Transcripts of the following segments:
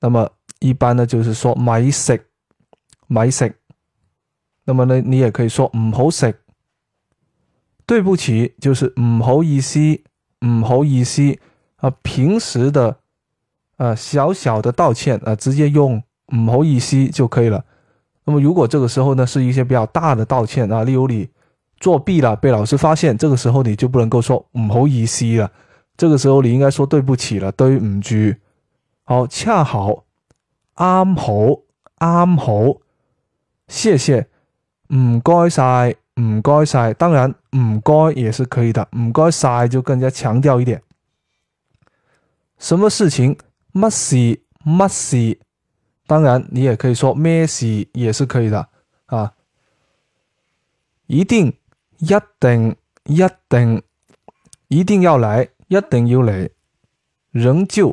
那麼一般呢，就是說“咪食咪食”，那麼呢你也可以說“唔好食”。對不起，就是“唔好意思，唔好意思”。啊，平時的，啊小小的道歉啊，直接用“唔好意思”就可以了。那麼如果這個時候呢，是一些比較大的道歉啊，例如你作弊了被老師發現，這個時候你就不能夠說“唔好意思”了，這個時候你應該說對“對不起”了，“對唔住”。好，恰好，啱好啱好，謝謝，唔該晒唔該晒，當然唔該也是可以的，唔該晒就更加強調一點。什麼事情，乜事、乜事，當然你也可以說咩事也是可以的啊。一定一定、一定一定要嚟，一定要嚟，仍舊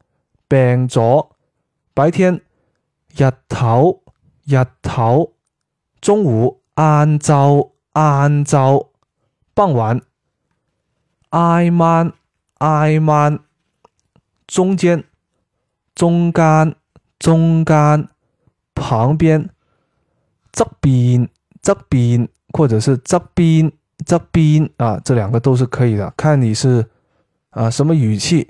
病咗，白天日頭日頭，中午晏晝晏晝，傍晚挨晚挨晚，中間中間中間，旁邊側邊側邊，或者是側邊側邊啊，這兩個都是可以的，看你是啊什麼語氣。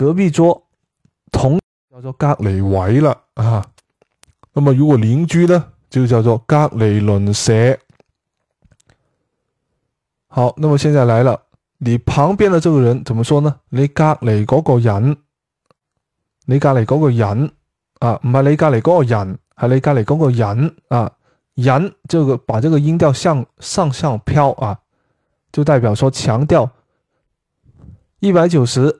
隔壁桌同叫做隔離位啦啊，咁如果鄰居呢，就叫做隔離鄰舍。好，那麼現在來了，你旁邊的這個人怎麼說呢？你隔離嗰個人，你隔離嗰個人啊，唔係你隔離嗰個人，係你隔離嗰個人啊，人就把這個音調向上上飄啊，就代表說強調一百九十。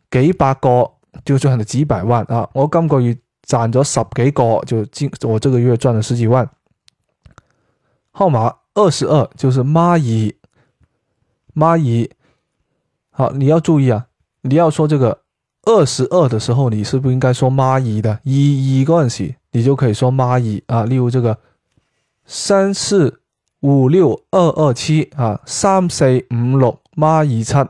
幾百個就賺咗幾百萬啊！我今個月賺咗十幾個，就我這個月賺咗十幾萬。號碼二十二就是螞蟻螞蟻。好，你要注意啊！你要說這個二十二的時候，你是不應該說螞蟻的一一關係，你就可以說螞蟻啊。例如這個三四五六二二七啊，三四五六螞蟻七。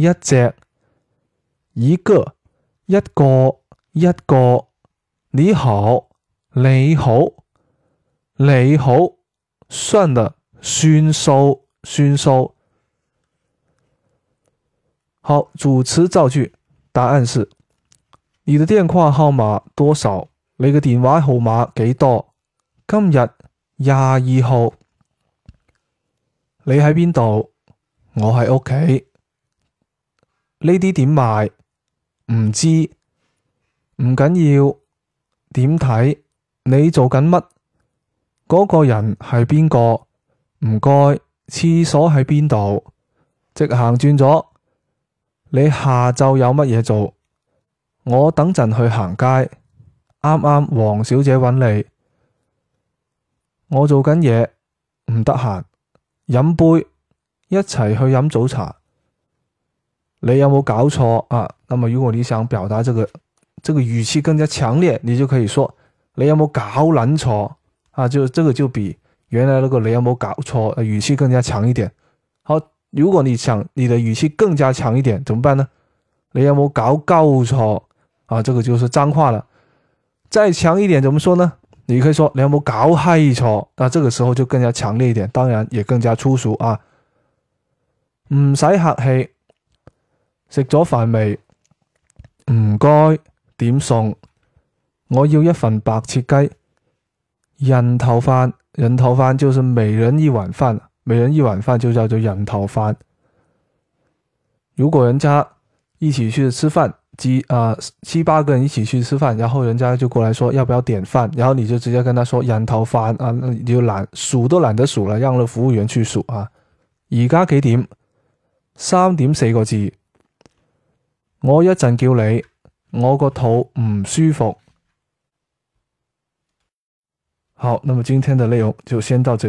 一隻，一個，一個，一個。你好，你好，你好。算啦，算數，算數。好，組詞造句。答案是：你的電話號碼多少？你嘅電話號碼幾多？今日廿二號。你喺邊度？我喺屋企。呢啲點賣？唔知，唔緊要。點睇？你做緊乜？嗰個人係邊個？唔該，廁所喺邊度？直行轉左。你下晝有乜嘢做？我等陣去行街。啱啱黃小姐搵你，我做緊嘢，唔得閒。飲杯，一齊去飲早茶。你有冇搞錯啊？那麼如果你想表達這個，這個語氣更加強烈，你就可以說你有冇搞撚錯啊？就這個就比原來那個你有冇搞錯語氣更加強一點。好，如果你想你的語氣更加強一點，怎麼辦呢？你有冇搞鳩錯啊？這個就是髒話了。再強一點，怎麼說呢？你可以說你有冇搞嗨錯，那這個時候就更加強烈一點，當然也更加粗俗啊。唔使客氣。食咗飯未？唔該，點餸？我要一份白切雞。人頭飯，人頭飯就是每人一碗飯，每人一碗飯就叫做人頭飯。如果人家一起去吃飯，啊七八個人一起去吃飯，然後人家就過來說要不要點飯，然後你就直接跟他說人頭飯啊，你就懶數都懶得數啦，讓服務員去數啊。而家幾點？三點四個字。我一陣叫你，我個肚唔舒服。好，那麼今天的內容就先到這。